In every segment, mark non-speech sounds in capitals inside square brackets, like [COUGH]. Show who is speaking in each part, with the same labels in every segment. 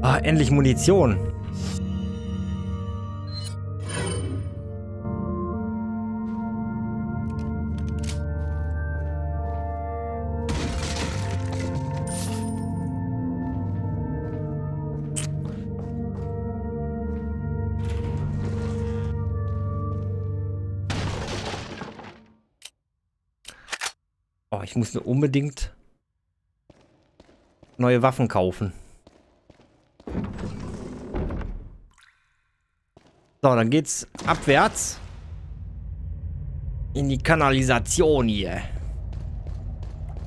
Speaker 1: Ah, endlich Munition. Oh, ich muss mir unbedingt neue Waffen kaufen. So, dann geht's abwärts. In die Kanalisation hier.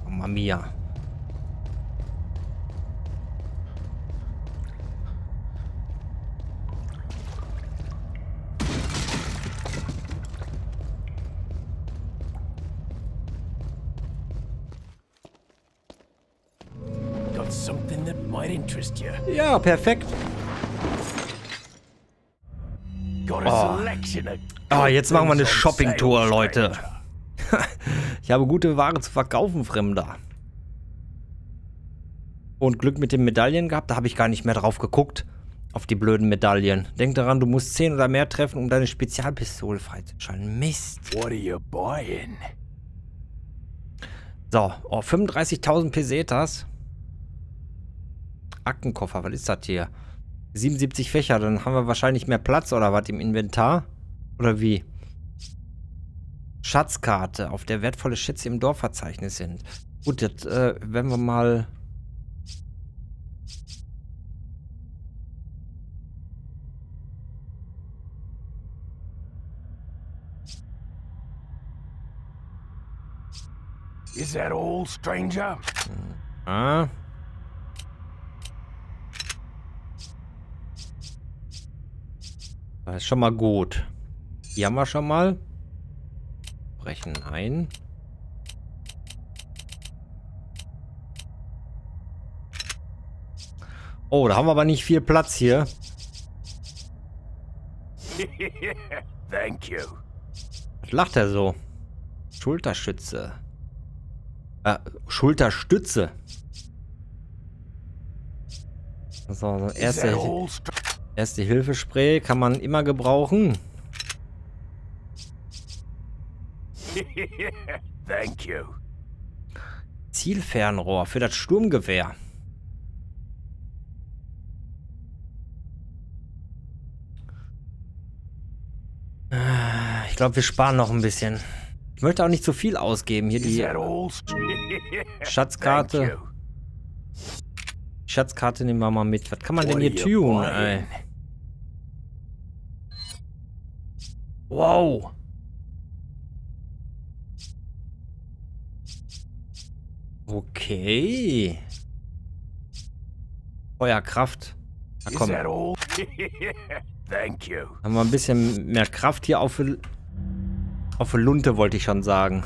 Speaker 1: Mamma mia. Ja, perfekt. Oh.
Speaker 2: Ah, oh jetzt machen wir eine Shopping-Tour,
Speaker 1: Leute. [LAUGHS] ich habe gute Ware zu verkaufen, Fremder. Und Glück mit den Medaillen gehabt, da habe ich gar nicht mehr drauf geguckt. Auf die blöden Medaillen. Denk daran, du musst 10 oder mehr treffen, um deine Spezialpistole freizuschalten. Mist. What are you buying? So, oh, 35.000 Pesetas. Aktenkoffer, was ist das hier? 77 Fächer, dann haben wir wahrscheinlich mehr Platz oder was im Inventar? Oder wie? Schatzkarte, auf der wertvolle Schätze im Dorfverzeichnis sind. Gut, jetzt äh, werden wir mal... Is that all, stranger? Ah. Das ist schon mal gut. Hier haben wir schon mal. Brechen ein. Oh, da haben wir aber nicht viel Platz hier. [LAUGHS] Thank you. Was lacht er so? Schulterschütze. Äh, Schulterstütze. So, also erste. Erste Hilfespray kann man immer gebrauchen. [LAUGHS] Thank you. Zielfernrohr für das Sturmgewehr. Ich glaube, wir sparen noch ein bisschen. Ich möchte auch nicht zu viel ausgeben. Hier die [LAUGHS] Schatzkarte. Schatzkarte nehmen wir mal mit. Was kann man denn hier tun, ey? Wow. Okay. Feuerkraft. Na komm. [LAUGHS] Thank you. Haben wir ein bisschen mehr Kraft hier auf auf Lunte wollte ich schon sagen. [LAUGHS]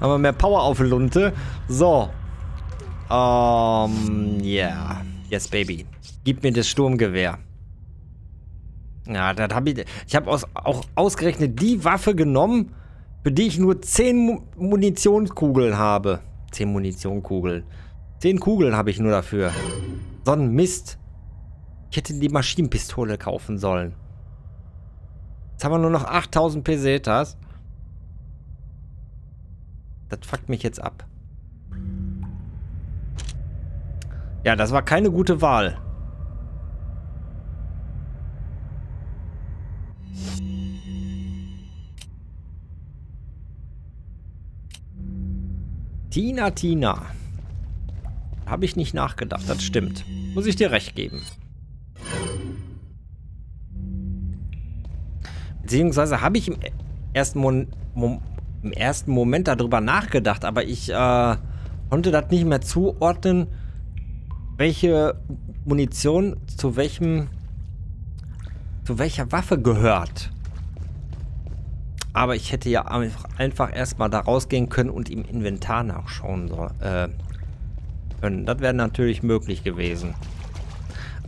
Speaker 1: Haben wir mehr Power auf Lunte. So, ja. Um, yeah. Yes, Baby. Gib mir das Sturmgewehr. Ja, das hab ich. Ich habe aus, auch ausgerechnet die Waffe genommen, für die ich nur 10 Munitionskugeln habe. 10 Munitionskugeln. 10 Kugeln habe ich nur dafür. So ein Mist. Ich hätte die Maschinenpistole kaufen sollen. Jetzt haben wir nur noch 8000 Pesetas. Das fuckt mich jetzt ab. Ja, das war keine gute Wahl. Tina, Tina. Habe ich nicht nachgedacht, das stimmt. Muss ich dir recht geben. Beziehungsweise habe ich im ersten, Mon Mom im ersten Moment darüber nachgedacht, aber ich äh, konnte das nicht mehr zuordnen, welche Munition zu welchem zu welcher Waffe gehört. Aber ich hätte ja einfach, einfach erstmal da rausgehen können und im Inventar nachschauen sollen. Äh, können. Das wäre natürlich möglich gewesen.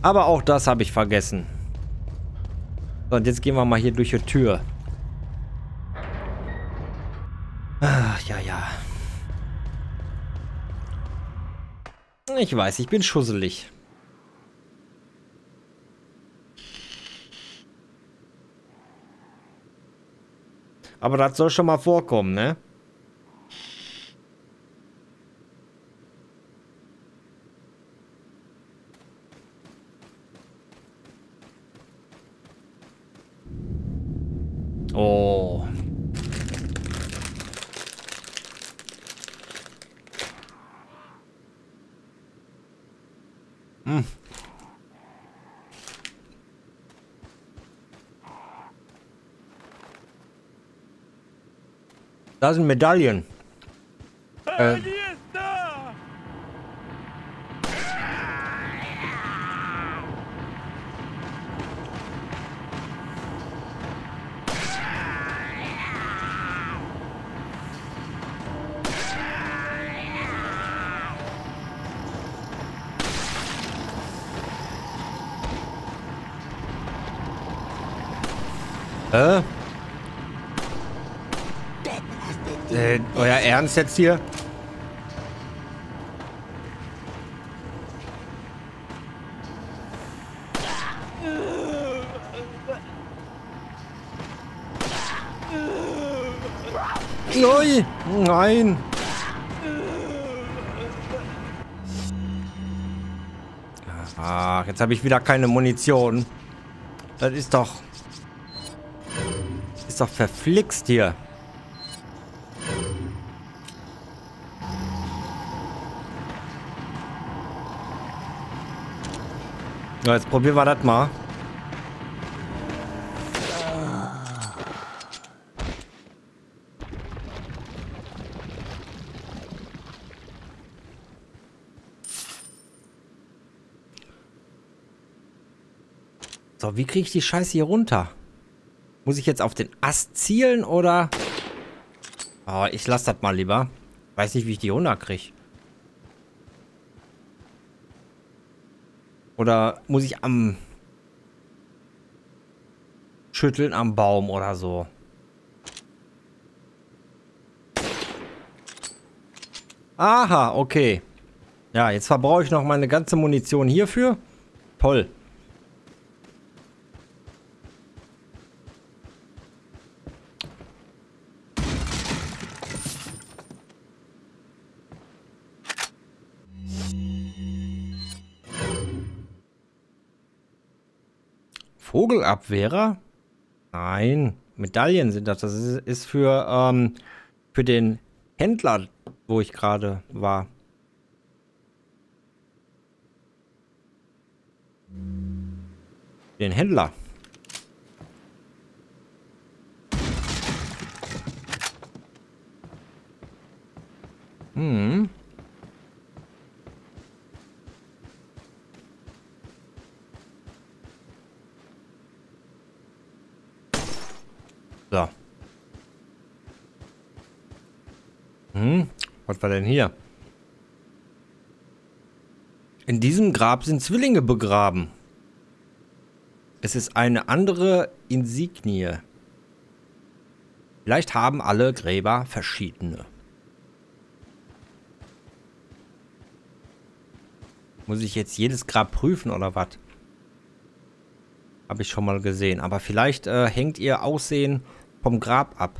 Speaker 1: Aber auch das habe ich vergessen. So, und jetzt gehen wir mal hier durch die Tür. Ach, ja, ja. Ich weiß, ich bin schusselig. Aber das soll schon mal vorkommen, ne? Da sind Medaillen. Äh, kannst jetzt hier. Nein! Nein! Ach, jetzt habe ich wieder keine Munition. Das ist doch... Ist doch verflixt hier. Ja, jetzt probieren wir das mal. So, wie kriege ich die Scheiße hier runter? Muss ich jetzt auf den Ast zielen oder... Oh, ich lasse das mal lieber. Weiß nicht, wie ich die runterkriege. Oder muss ich am Schütteln am Baum oder so? Aha, okay. Ja, jetzt verbrauche ich noch meine ganze Munition hierfür. Toll. Kugelabwehrer? Nein, Medaillen sind das. Das ist für, ähm, für den Händler, wo ich gerade war. Den Händler. Hm. So. Hm, was war denn hier? In diesem Grab sind Zwillinge begraben. Es ist eine andere Insignie. Vielleicht haben alle Gräber verschiedene. Muss ich jetzt jedes Grab prüfen oder was? Habe ich schon mal gesehen. Aber vielleicht äh, hängt ihr Aussehen vom Grab ab.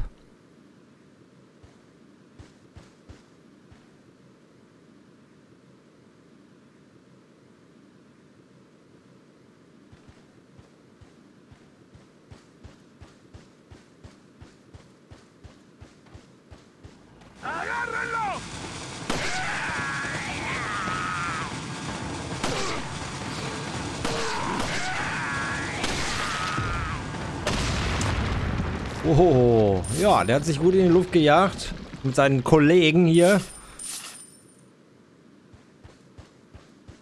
Speaker 1: Boah, der hat sich gut in die Luft gejagt. Mit seinen Kollegen hier.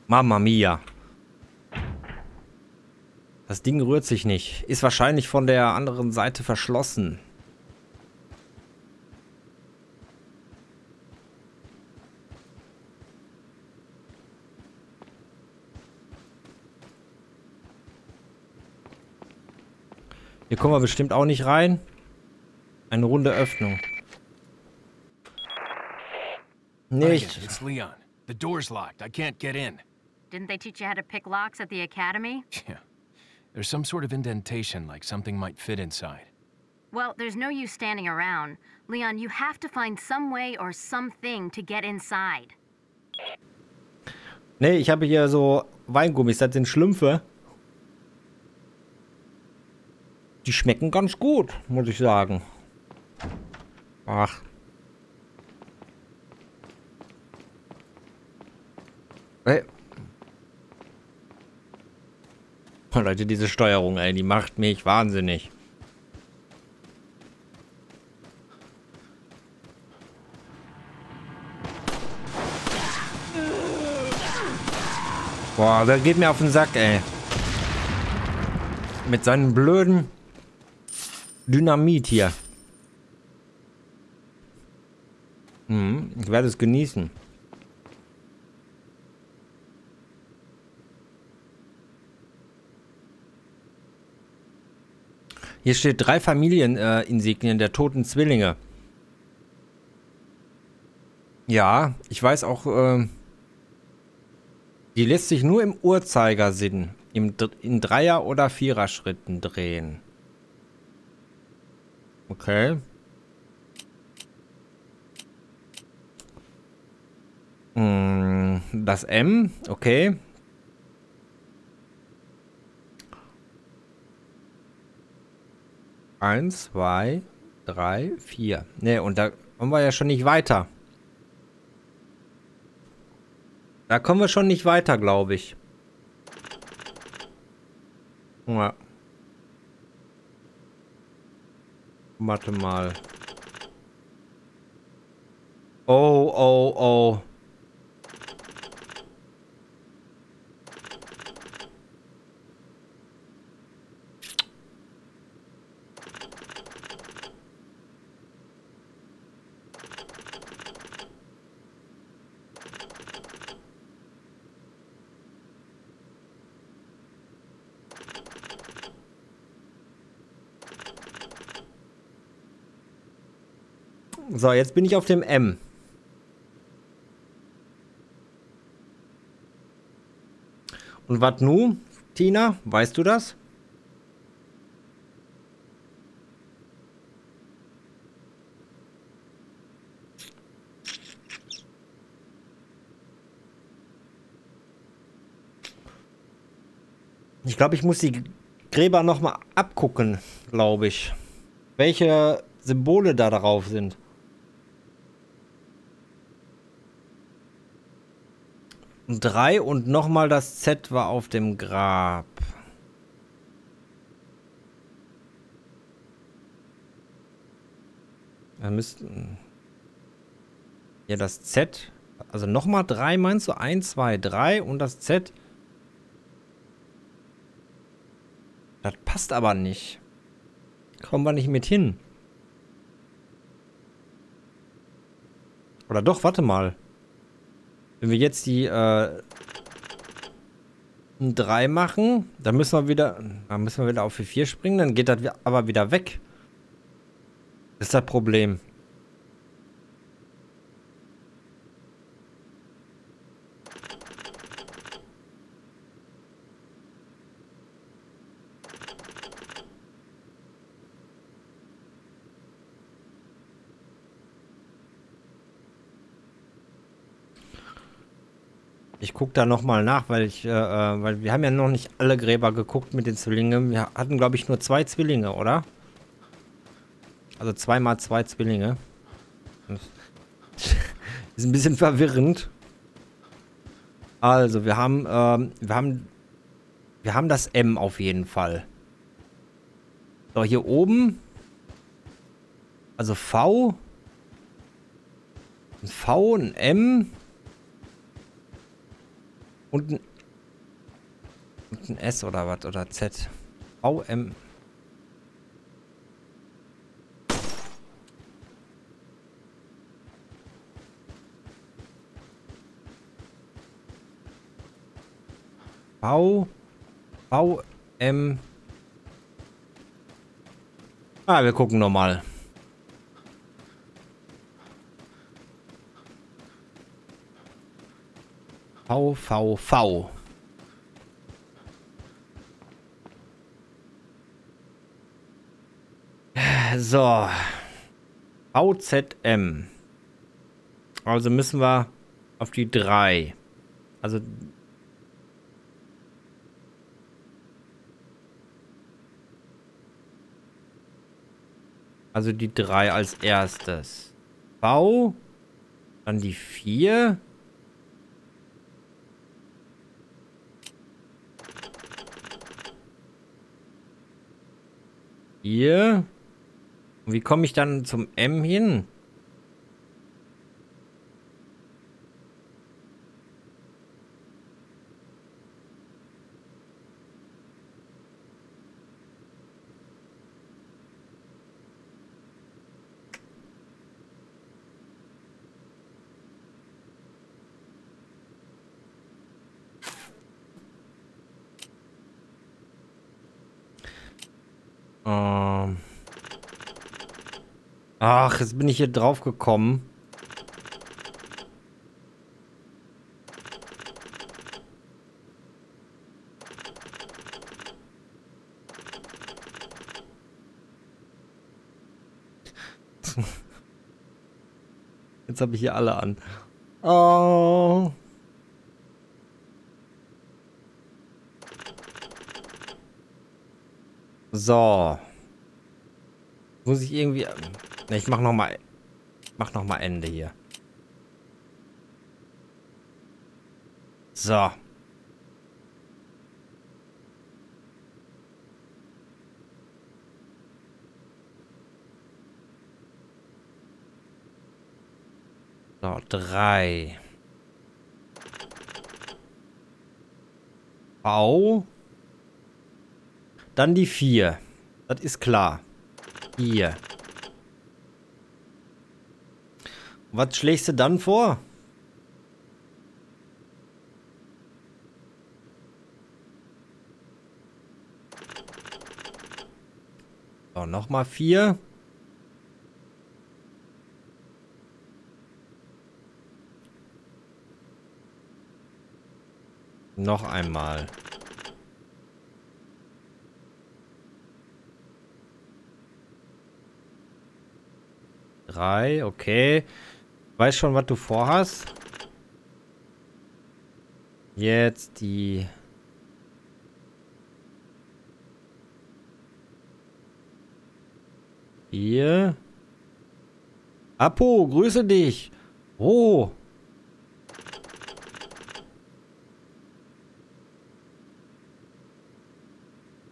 Speaker 1: Mamma mia. Das Ding rührt sich nicht. Ist wahrscheinlich von der anderen Seite verschlossen. Hier kommen wir bestimmt auch nicht rein. Eine runde Öffnung. Nicht. It's Leon. The door's locked. I can't get in. Didn't they teach you how to pick locks at the academy? Yeah. There's some sort of indentation, like something might fit inside. Well, there's no use standing around. Leon, you have to find some way or something to get inside. Nee, ich habe hier so Weingummis, das sind Schlümpfe. Die schmecken ganz gut, muss ich sagen. Ach. Hey. Oh, Leute, diese Steuerung, ey, die macht mich wahnsinnig. Boah, der geht mir auf den Sack, ey. Mit seinem blöden Dynamit hier. Mhm. ich werde es genießen. Hier steht drei Familieninsignien äh, der toten Zwillinge. Ja, ich weiß auch, äh, die lässt sich nur im Uhrzeigersinn, im, in Dreier- oder Viererschritten drehen. Okay. Mm, das M, okay. Eins, zwei, drei, vier. Ne, und da kommen wir ja schon nicht weiter. Da kommen wir schon nicht weiter, glaube ich. Ja. Warte mal. Oh, oh, oh. So, jetzt bin ich auf dem M. Und was nu, Tina? Weißt du das? Ich glaube, ich muss die Gräber nochmal abgucken, glaube ich. Welche Symbole da drauf sind. hatten drei und nochmal das Z war auf dem Grab. Dann müssten. Ja, das Z. Also nochmal drei meinst du? Eins, zwei, drei und das Z. Das passt aber nicht. Kommen wir nicht mit hin. Oder doch, warte mal. Wenn wir jetzt die äh, 3 machen, dann müssen wir wieder, dann müssen wir wieder auf 4 springen, dann geht das aber wieder weg. Das ist das Problem. Ich gucke da nochmal nach, weil ich, äh, äh, weil wir haben ja noch nicht alle Gräber geguckt mit den Zwillingen. Wir hatten, glaube ich, nur zwei Zwillinge, oder? Also zweimal zwei Zwillinge. Das [LAUGHS] Ist ein bisschen verwirrend. Also, wir haben, ähm, wir haben, wir haben das M auf jeden Fall. So, hier oben. Also V. Ein V, ein M. Und ein, und ein S oder was? Oder Z? VM. V. VM. Ah, wir gucken nochmal. mal. VVV. So. VZM. Also müssen wir auf die 3. Also. Also die 3 als erstes. V. Dann die 4. Hier. Wie komme ich dann zum M hin? Ach, jetzt bin ich hier drauf gekommen. [LAUGHS] Jetzt habe ich hier alle an. Oh. So. Muss ich irgendwie... Ne, ich mach noch mal, Mach noch mal Ende hier. So. So, drei. Au. Dann die vier. Das ist klar. Hier. Was schlägst du dann vor? So, nochmal vier. Noch einmal. Drei, okay. Weiß schon, was du vorhast? Jetzt die... Hier. Apo, grüße dich. Oh.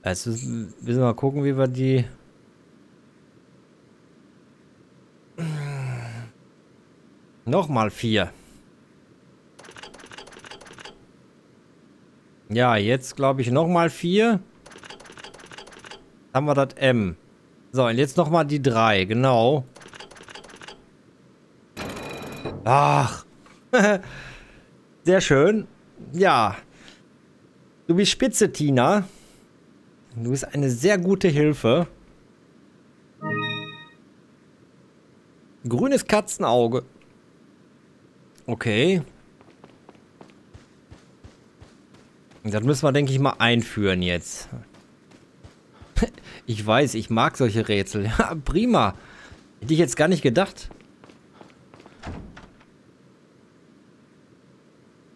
Speaker 1: Also, müssen wir mal gucken, wie wir die... Nochmal vier. Ja, jetzt glaube ich nochmal vier. Jetzt haben wir das M. So, und jetzt nochmal die drei, genau. Ach. [LAUGHS] Sehr schön. Ja. Du bist spitze, Tina. Du bist eine sehr gute Hilfe. Grünes Katzenauge. Okay. Das müssen wir, denke ich, mal einführen jetzt. [LAUGHS] Ich weiß, ich mag solche Rätsel. [LAUGHS] Ja, prima. Hätte ich jetzt gar nicht gedacht.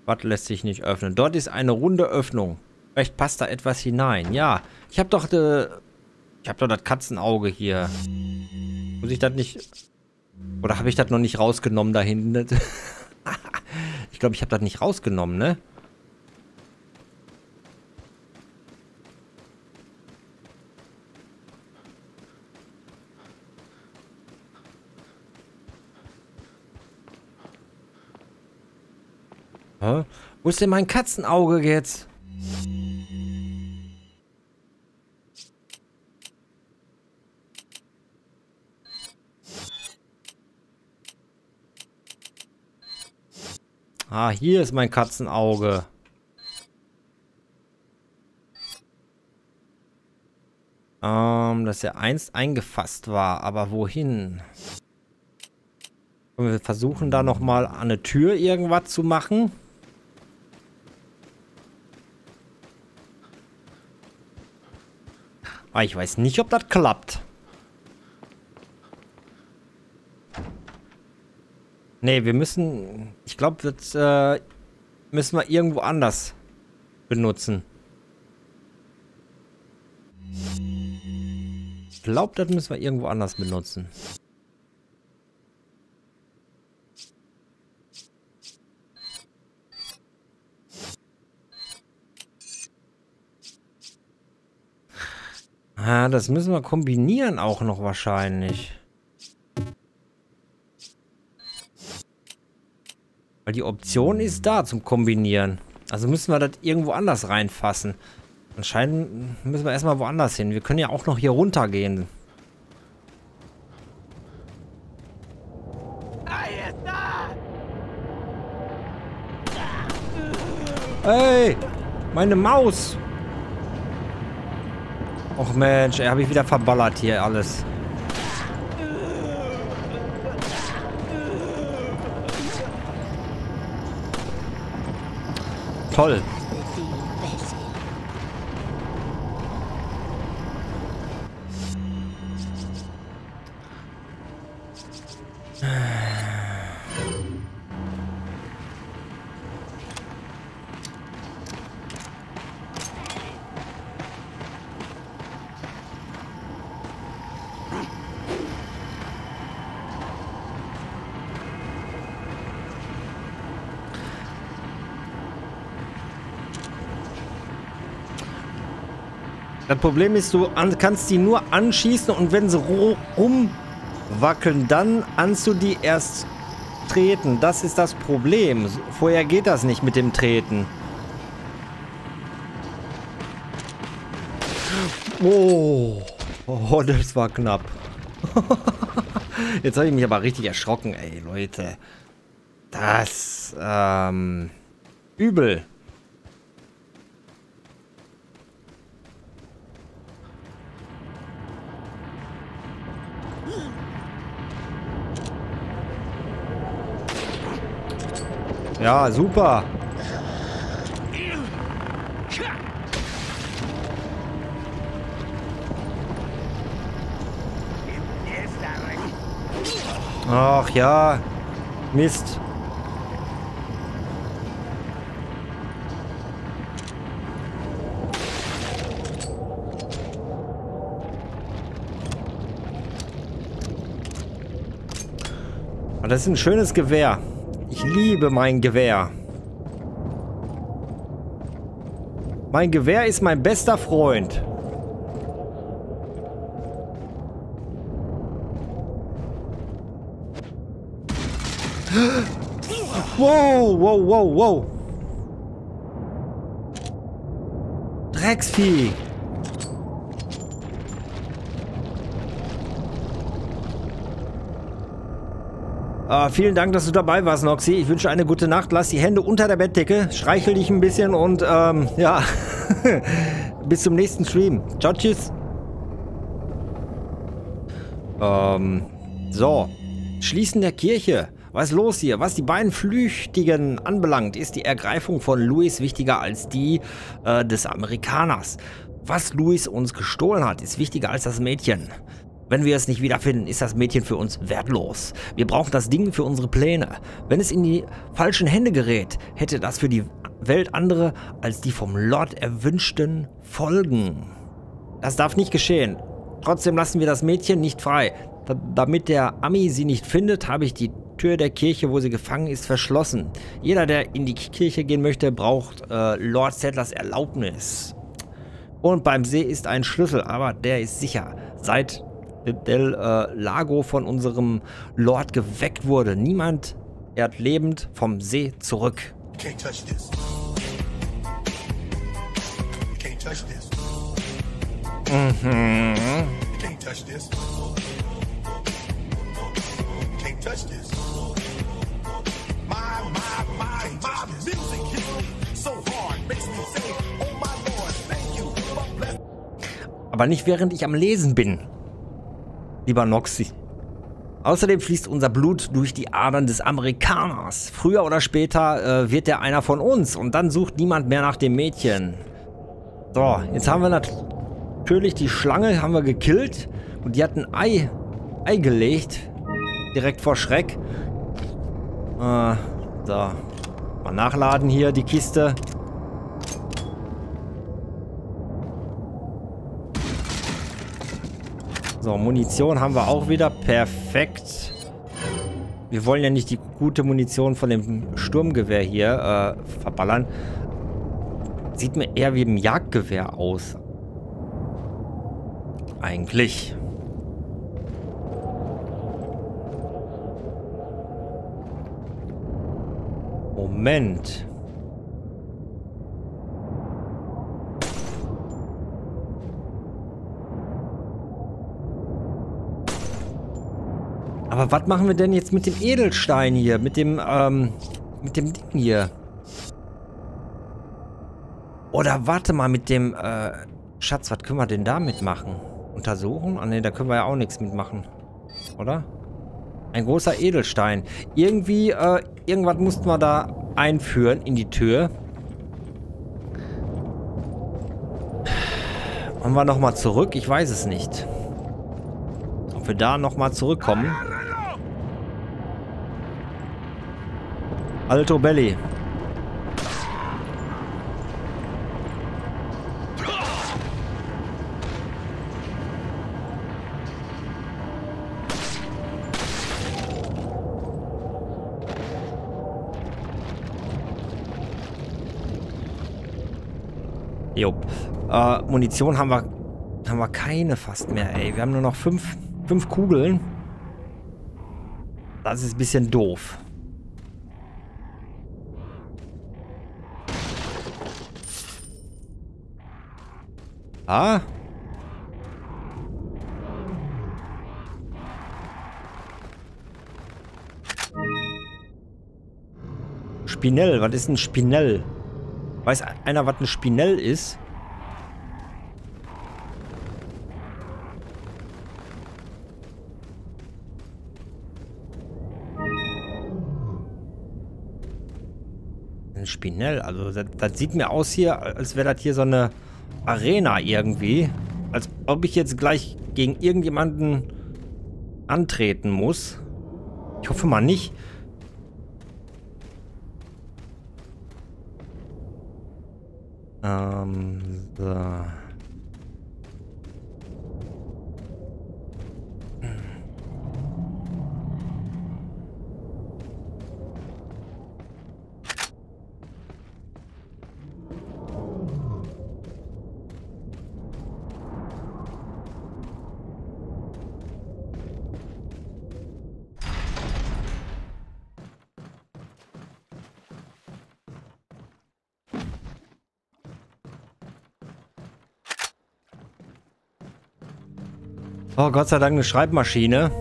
Speaker 1: Was lässt sich nicht öffnen? Dort ist eine runde Öffnung. Vielleicht passt da etwas hinein. Ja, ich habe doch... De, äh, ich habe doch das Katzenauge hier. Muss ich das nicht... Oder habe ich das noch nicht rausgenommen da hinten? [LAUGHS] glaube, ich habe das nicht rausgenommen, ne? Hä? Wo ist denn mein Katzenauge jetzt? Ah, hier ist mein Katzenauge. Ähm, dass er einst eingefasst war, aber wohin? Und wir versuchen da nochmal an eine Tür irgendwas zu machen. Ah, ich weiß nicht, ob das klappt. Nee, wir müssen. Ich glaube, das äh, müssen wir irgendwo anders benutzen. Ich glaube, das müssen wir irgendwo anders benutzen. Ah, das müssen wir kombinieren auch noch wahrscheinlich. Weil die Option ist da zum Kombinieren. Also müssen wir das irgendwo anders reinfassen. Anscheinend müssen wir erstmal woanders hin. Wir können ja auch noch hier runtergehen. Ey, meine Maus. Och Mensch, er habe ich wieder verballert hier alles. Toll. Äh. Das Problem ist, du kannst die nur anschießen und wenn sie rumwackeln, dann kannst du die erst treten. Das ist das Problem. Vorher geht das nicht mit dem Treten. Oh, oh das war knapp. [LAUGHS] Jetzt habe ich mich aber richtig erschrocken, ey, Leute. Das, ähm, übel. Ja, super. Ach ja. Mist. Ah, das ist ein schönes Gewehr. Ich liebe mein Gewehr. Mein Gewehr ist mein bester Freund. Wow, wow, wow, wow. Drecksvieh. Uh, vielen Dank, dass du dabei warst, Noxy. Ich wünsche eine gute Nacht. Lass die Hände unter der Bettdecke, streichel dich ein bisschen und ähm, ja, [LAUGHS] bis zum nächsten Stream. Ciao, tschüss. Ähm, so, Schließen der Kirche. Was ist los hier? Was die beiden Flüchtigen anbelangt, ist die Ergreifung von Louis wichtiger als die äh, des Amerikaners. Was Louis uns gestohlen hat, ist wichtiger als das Mädchen. Wenn wir es nicht wiederfinden, ist das Mädchen für uns wertlos. Wir brauchen das Ding für unsere Pläne. Wenn es in die falschen Hände gerät, hätte das für die Welt andere als die vom Lord erwünschten Folgen. Das darf nicht geschehen. Trotzdem lassen wir das Mädchen nicht frei. Da damit der Ami sie nicht findet, habe ich die Tür der Kirche, wo sie gefangen ist, verschlossen. Jeder, der in die Kirche gehen möchte, braucht äh, Lord Settlers Erlaubnis. Und beim See ist ein Schlüssel, aber der ist sicher. Seit del äh, Lago von unserem Lord geweckt wurde. Niemand ehrt lebend vom See zurück. Oh, Aber nicht während ich am Lesen bin lieber Noxy. Außerdem fließt unser Blut durch die Adern des Amerikaners. Früher oder später äh, wird er einer von uns und dann sucht niemand mehr nach dem Mädchen. So, jetzt haben wir natürlich die Schlange haben wir gekillt und die hat ein Ei, Ei gelegt. Direkt vor Schreck. Äh, so, mal nachladen hier die Kiste. So, Munition haben wir auch wieder. Perfekt. Wir wollen ja nicht die gute Munition von dem Sturmgewehr hier äh, verballern. Sieht mir eher wie ein Jagdgewehr aus. Eigentlich. Moment. Aber was machen wir denn jetzt mit dem Edelstein hier? Mit dem, ähm, mit dem Ding hier? Oder warte mal, mit dem, äh, Schatz, was können wir denn da mitmachen? Untersuchen? Ah ne, da können wir ja auch nichts mitmachen. Oder? Ein großer Edelstein. Irgendwie, äh, irgendwas mussten wir da einführen in die Tür. Wollen wir nochmal zurück? Ich weiß es nicht. Ob wir da nochmal zurückkommen. Alto Belly. Jo. Äh, Munition haben wir, haben wir keine fast mehr, ey. Wir haben nur noch fünf, fünf Kugeln. Das ist ein bisschen doof. Ah. Spinell, was ist ein Spinell? Weiß einer, was ein Spinell ist? Ein Spinell, also das, das sieht mir aus hier, als wäre das hier so eine Arena irgendwie. Als ob ich jetzt gleich gegen irgendjemanden antreten muss. Ich hoffe mal nicht. Ähm, so. Oh, Gott sei Dank eine Schreibmaschine.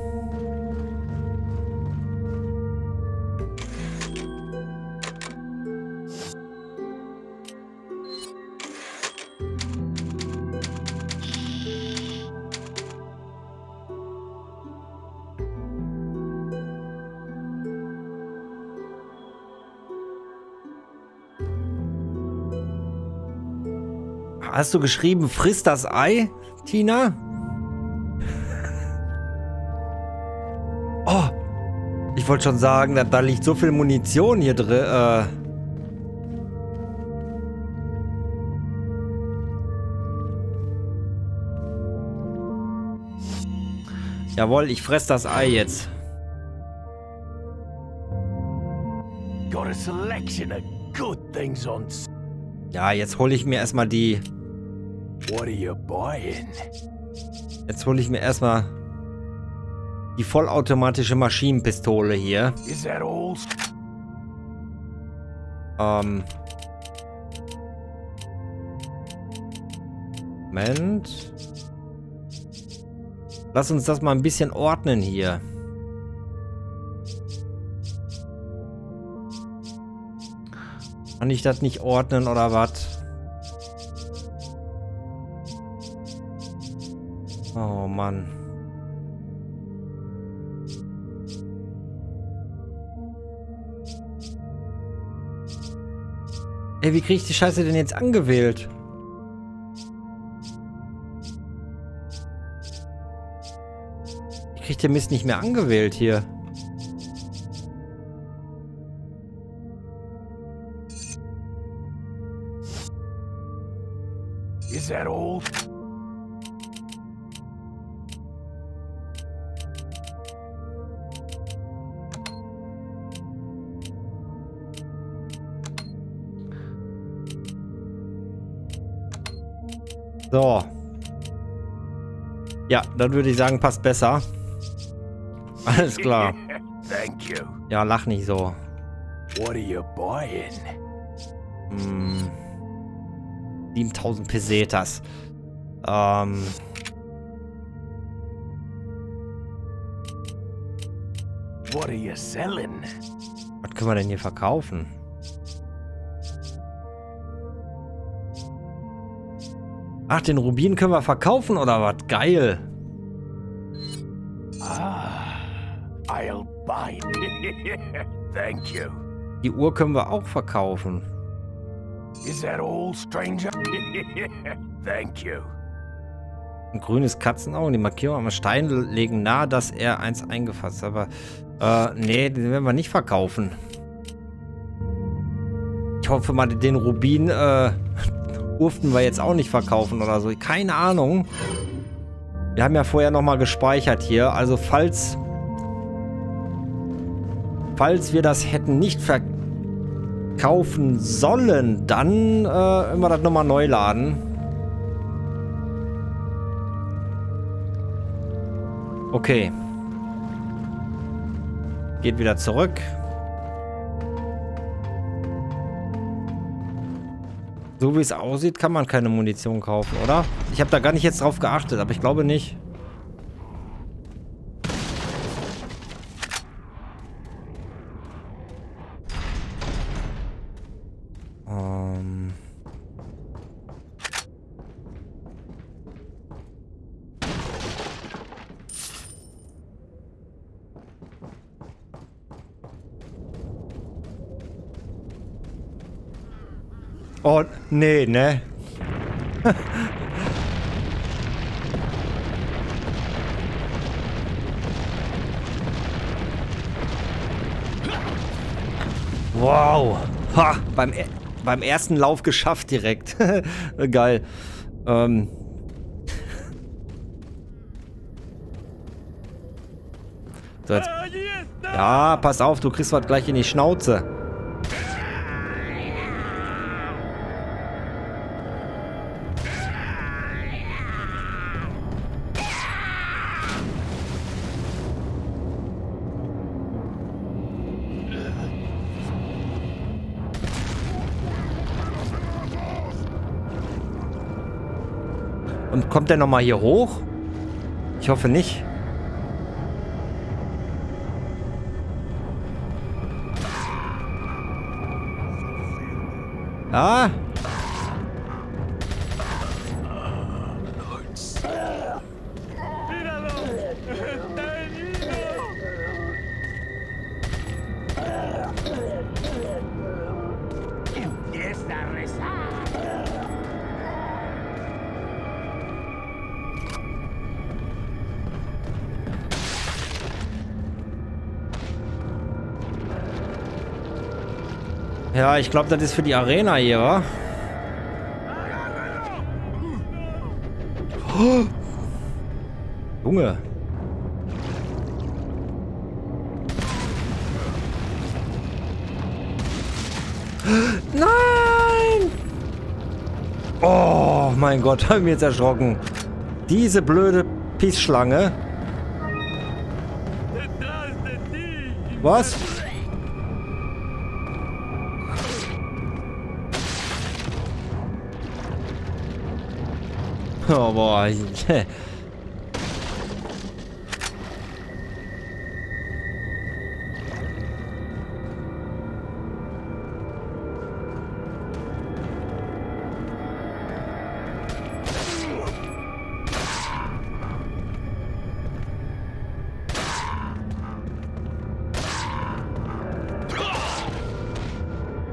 Speaker 1: Hast du geschrieben, friss das Ei, Tina? wollte schon sagen, da, liegt so viel Munition hier drin. Äh. Jawohl, ich fress das Ei jetzt. Ja, jetzt hole ich mir erstmal die... Jetzt hole ich mir erstmal... Die vollautomatische Maschinenpistole hier. Is that old? Ähm. Moment. Lass uns das mal ein bisschen ordnen hier. Kann ich das nicht ordnen oder was? Oh Mann. Ey, wie kriege ich die Scheiße denn jetzt angewählt? Ich kriege den Mist nicht mehr angewählt hier. Is that all? So. Ja, dann würde ich sagen, passt besser. [LAUGHS] Alles klar. [LAUGHS] Thank you. Ja, lach nicht so. What are you buying? Hm. 7000 Pesetas. Ähm. What are you selling? Was können wir denn hier verkaufen? Ach, den Rubin können wir verkaufen oder was? Geil. Ah, I'll buy [LAUGHS] Thank you. Die Uhr können wir auch verkaufen. Is that all, stranger? [LAUGHS] Thank you. Ein grünes Katzenauge. Die Markierung am Stein legen nahe, dass er eins eingefasst hat. Aber, äh, nee, den werden wir nicht verkaufen. Ich hoffe mal, den Rubin, äh, durften wir jetzt auch nicht verkaufen oder so. Keine Ahnung. Wir haben ja vorher nochmal gespeichert hier. Also falls... Falls wir das hätten nicht verkaufen sollen, dann äh, immer das nochmal neu laden. Okay. Geht wieder zurück. So wie es aussieht, kann man keine Munition kaufen, oder? Ich habe da gar nicht jetzt drauf geachtet, aber ich glaube nicht. Nee, ne? [LAUGHS] wow. Ha, beim, e-, beim ersten Lauf geschafft direkt. [LAUGHS] Geil. Ähm. So, jetzt. Ah, ja, pass auf, du kriegst was gleich in die Schnauze. Kommt der nochmal hier hoch? Ich hoffe nicht. Ah, Ja, ich glaube, das ist für die Arena hier, wa? Oh. [GASPS] Junge. [GASPS] Nein! Oh, mein Gott, [LAUGHS] haben wir jetzt erschrocken. Diese blöde Pissschlange. Was? [LAUGHS] Oh boy... il...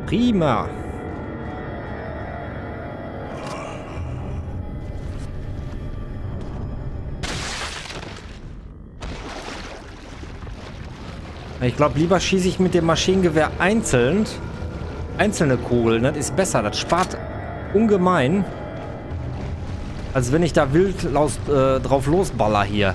Speaker 1: Prima glaube, lieber schieße ich mit dem Maschinengewehr einzeln. Einzelne Kugeln, das ist besser. Das spart ungemein. Als wenn ich da wild laus, äh, drauf losballer hier.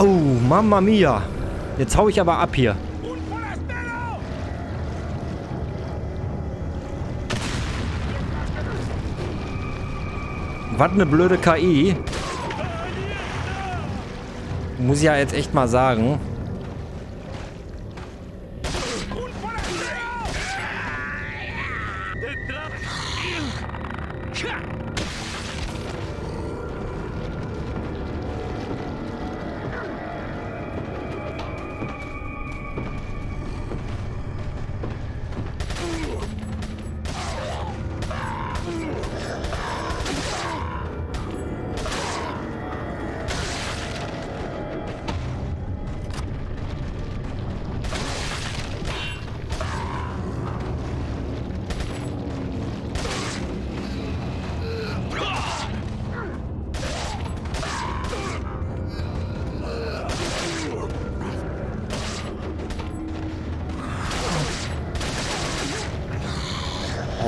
Speaker 1: Oh, Mamma Mia. Jetzt hau ich aber ab hier. Was eine blöde KI. Muss ich ja jetzt echt mal sagen.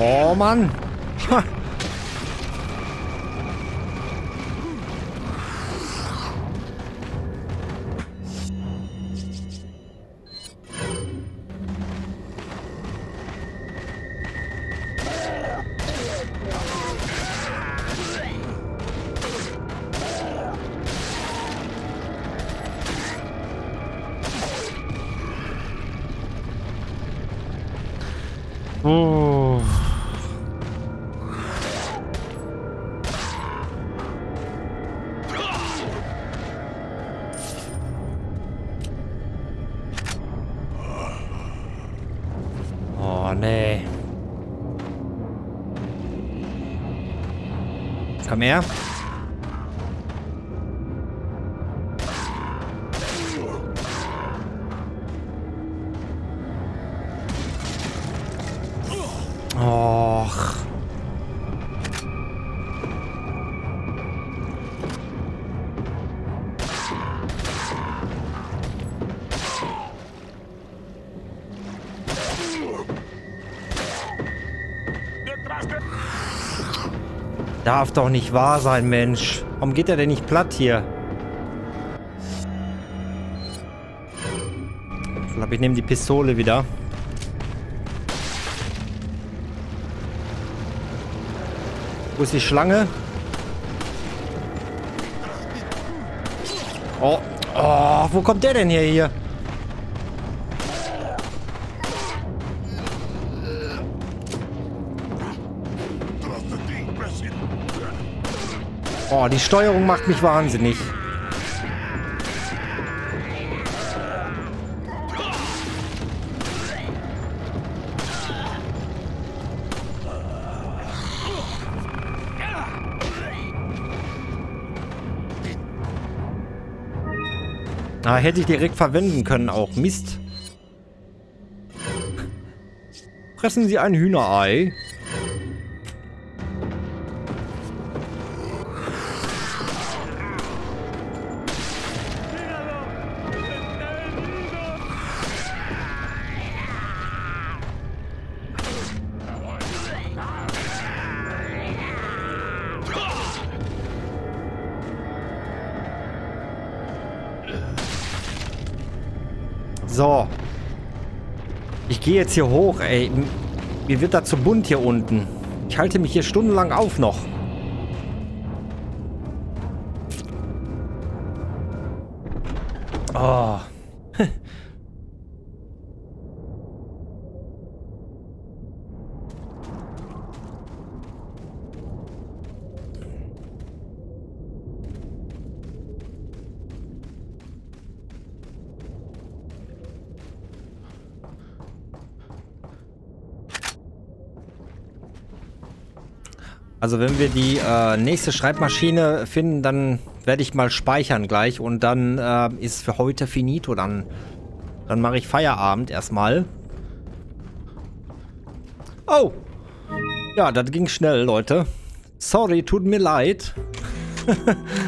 Speaker 1: Oh Mann. Darf doch nicht wahr sein, Mensch. Warum geht er denn nicht platt hier? Ich glaube, ich nehme die Pistole wieder. Wo ist die Schlange? Oh. oh, wo kommt der denn hier? hier? Oh, die Steuerung macht mich wahnsinnig. Ah, hätte ich direkt verwenden können auch. Mist. Fressen Sie ein Hühnerei? So. Ich gehe jetzt hier hoch, ey. Mir wird da zu bunt hier unten. Ich halte mich hier stundenlang auf noch. Also wenn wir die äh, nächste Schreibmaschine finden, dann werde ich mal speichern gleich. Und dann äh, ist für heute finito. Dann, dann mache ich Feierabend erstmal. Oh! Ja, das ging schnell, Leute. Sorry, tut mir leid. [LAUGHS]